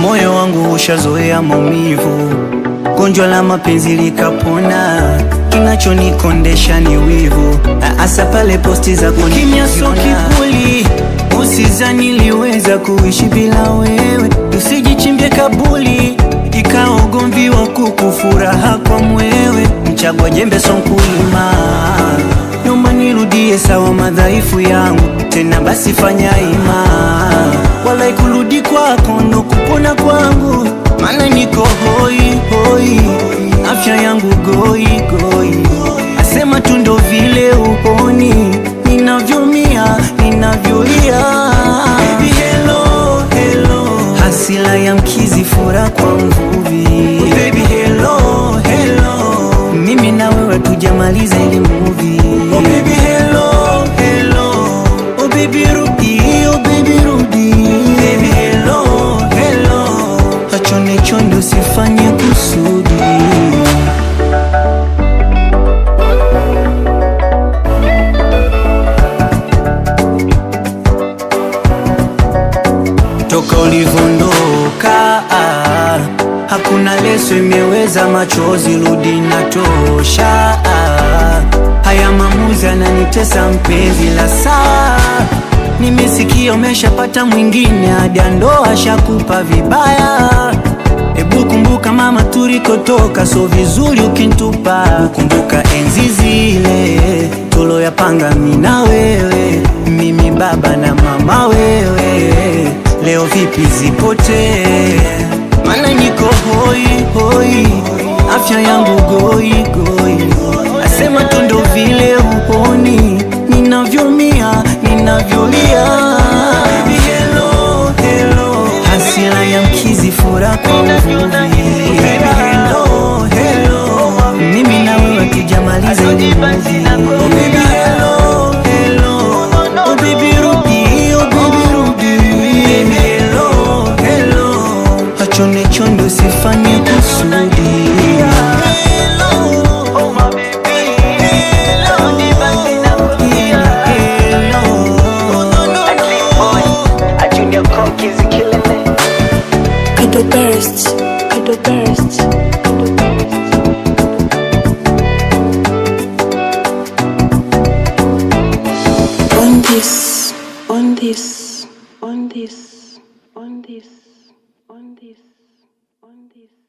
Moyo wangu ushazoea maumivu, gonjwa la mapenzi likapona, kinachonikondesha ni wivu, hasa pale posti za kimya so kivuli. Usizani niliweza kuishi bila wewe, usijichimbie kabuli, ikawa wa kuku, furaha kwa mwewe Nilichagua jembe so mkulima, nyuma nirudie sawa madhaifu yangu tena, basi fanya ima, wala ikurudi kwako ndo kupona kwangu, maana niko hoi hoi, afya yangu goi goi, asema tu ndo vile uponi ninavyomia toka ulivondoka, hakuna leso imeweza machozi, rudi na tosha. Haya maamuzi ananitesa mpenzi, la saa nimesikia umeshapata mwingine, hadi ndoa shakupa vibaya. Ebu kumbuka mama, tulikotoka so vizuri ukintupa, kumbuka enzi zile tuloyapanga, mimi na wewe, mimi baba na mama, wewe leo vipi zipote mana niko hoi hoi, afya yangu goi goi, asema tundo vile uponi, ninavyomia ninavyolia, hasira ya mkizi fura kwa uvuvi killing me. bursts, bursts. On this, on this, on this, on this, on this, on this.